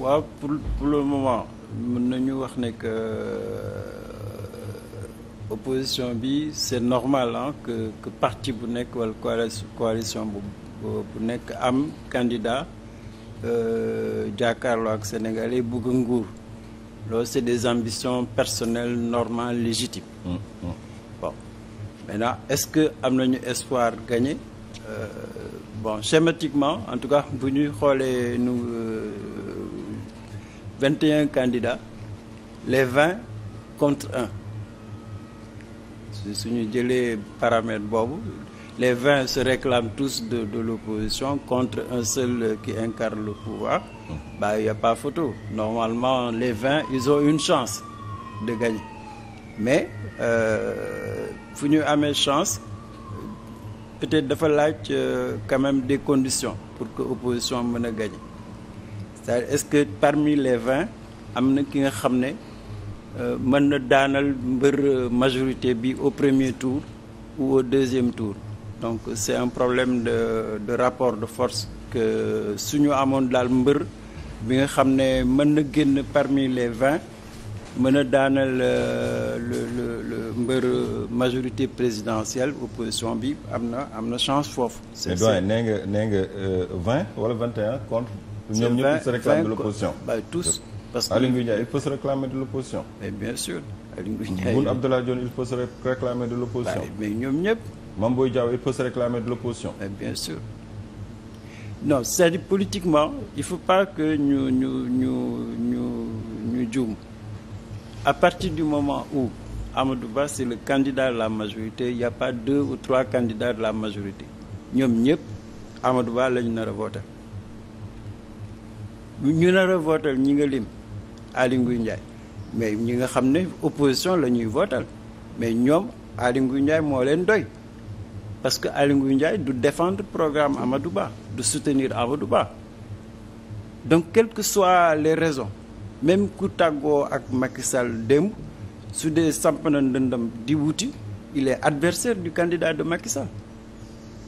waaw pour pour le moment mën nañu wax ne que euh, opposition bi c'est normal ah parti bu nekk wala coalition bu bu nekk am candidat euh, jàkkaarloo ak sénégalais bëgg nguur loolu c'est des ambitions personnelles normales légitimes. Mmh. bon maintenant est-ce que am nañu espoir gagné. Euh, bon schématiquement en tout cas bu ñuy xoolee nu. 21 candidats les 20 contre 1 suñu jëlee paramètre boobu les 20 se réclament tous de de l'opposition contre un seul qui incarne le pouvoir mmh. bah il y a pas photo normalement les 20 ils ont une chance de gagner mais euh, fu ñu amee chance peut-être dafa laaj euh, quand des conditions pour que opposition mën a gagner cest à est-ce que parmi les vingt am na ki nga xam ne euh, mën na daanal mbër euh, majorité bi au premier tour ou au deuxième tour donc c'est un problème de de rapport de force que suñu amoon daal mbër bi nga xam ne mën na génn parmi les vingt mën a daanal euh, le le mbër majorité présidentielle opposition bi am na am na chance foofu. c'est ça nee nga nee nga vingt wala vingt et un contre. ñoom ñëpp ils se réclament de l'opposition tous parce que Aliou Ngouille Ndiaye il peut se réclamer de l'opposition mais bien sûr Aliou Ngouille Ndiaye ñoom ñëpp Mame Boye Diao il peut se réclamer de l'opposition politiquement il faut pas que ñu ñu ñu ñu ñu à partir du moment où Amadou Ba c'est le candidat de la majorité il y a pas deux ou trois candidats de la majorité ñoom ñëpp Amadou Ba la ñu nar a voter ñu nar a vootal ñi nga lim Aly Ngouille Ndiaye mais ñi nga xam ne opposition la ñuy vootal mais ñoom Aly Ngouille Ndiaye moo leen doy parce que Aly Ngouille Ndiaye du defendre programme am a du baax soutenir du baax donc quelles que soient les raisons même ku tàggoo ak Macky Sall démb su dee samp na ndëndam di wuti il est adversaire du candidat de Macky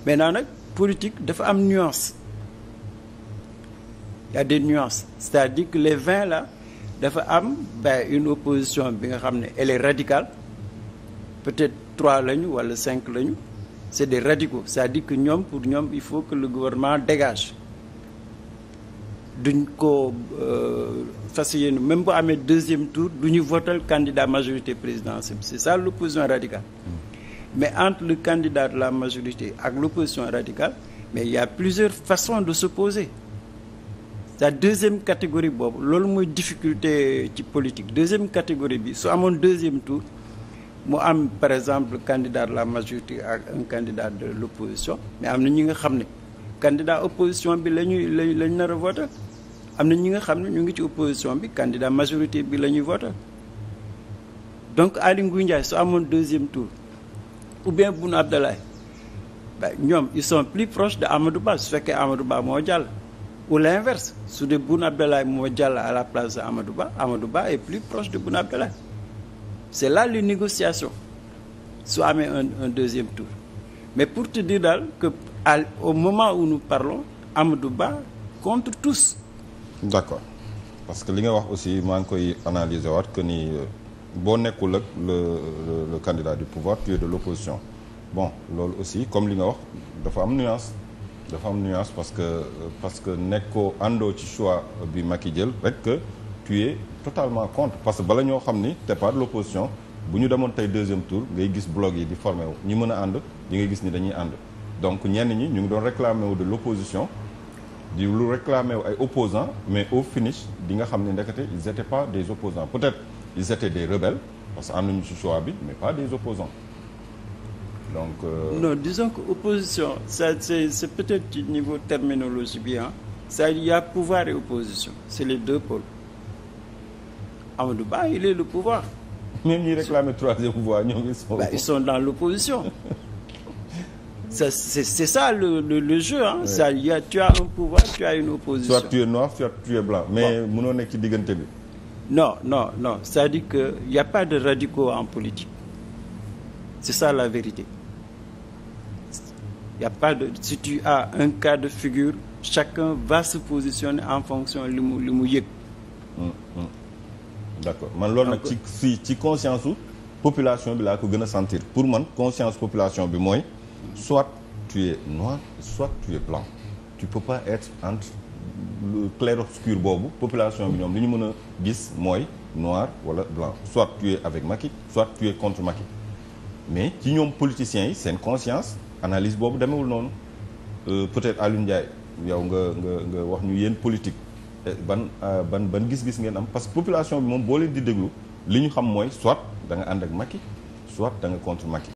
mais naa nag politique dafa am nuance y a des nuances c'est-à-dire que les vingt là dafa am ben une opposition bi nga xam ne elle est radicale peut-être trois lañu wala cinq lañu c'est des radicaux c'est-à-dire que ñoom pour ñoom il faut que le gouvernement dégage duñ ko euh, fas yéene même bu amee deuxième tour du ñu votal candidat majorité président c'est ça l'opposition radicale mais entre le candidat la majorité ak l'opposition radicale mais il y a plusieurs façons de s'opposer la deuxième catégorie boobu loolu mooy difficulté ci politique deuxième catégorie bi su amoon deuxième tour mu am par exemple candidat de la majorité ak un candidat de l' mais am na ñi nga xam ne candidat opposition bi la ñuy la la nar a am na ñi nga xam ne ñu ngi ci opposition bi candidat majorité bi la ñuy voté donc Aly Ngouille Ndiaye su amoon deuxième tour ou bien Boun Abdallah ba ñoom il sont plus proches de Amadou Ba su fekkee Amadou Ba moo ou l'inverse su de Boun Abdallah moo jàll à la place de Amadou Ba Amadou Ba est plus proche de Boun Abdallah c'est là le négociations su amee un un deuxième tour mais pour te dire daal que au moment où nous parlons Amadou Ba contre tous. d'accord parce que li nga wax aussi maa ngi koy analyser waat que ni euh, boo nekkul ak le le candidat du pouvoir tu es de l'opposition bon loolu aussi comme li nga wax dafa am nuance. dafa am nuance parce que parce que nekkoo àndoo ci choix bi yi jël rek que tu es totalement contre parce que bala ñoo xam ni te pas de l'opposition bu ñu demoon tey deuxième tour ngay gis blog yi di formé wu ñi mën a ànd ñi ngay gis ni dañuy ànd donc ñenn ñi ñu ngi doon réclamé wu de l'opposition di lu réclamé wu ay opposan mais au finish di nga xam ne ndekete ils étaient pas des opposants peut-être ils étaient des rebelles parce que ànduñu ci choix bi mais pas des opposants donc. Euh... non disons que opposition ça c'est c'est peut-être du niveau terminologie bi ah. ça il y a pouvoir et opposition c'est les deux pôles Amadou Ba il est le pouvoir. même ñi réclame troisième voie ñoom ils sont. Bah, ils sont dans l'opposition ça c'est ça le le le jeu ah. ça a tu as un pouvoir tu as une opposition. soit tu es blanc. mais mënoo nekk ci diggante bi. non non non c'est-à-dire que y a pas de radicaux en politique c'est ça la vérité. y a pas de si tu as un cas de figure chacun va se positionner en fonction lu mu li mu yëg. man loolu nag ci fii ci conscience su population bi laa ko gën a sentir pour man conscience population bi mooy soit tu es noir soit tu es blanc tu peux pas être entre le clair boobu population bi ñoom lu ñu mën a gis mooy noir wala blanc soit tu es avec Macky soit tu es contre Macky mais ci ñoom politiciens yi seen conscience. analyse boobu demewul noonu euh, peut-être Alioune Ndiaye yow nga nga nga wax ñu yéen politique eh, ban euh, ban ban gis-gis ngeen am parce que population bi moom boo leen di déglu li ñu xam mooy soit da nga ànd ak Macky soit da nga contre Macky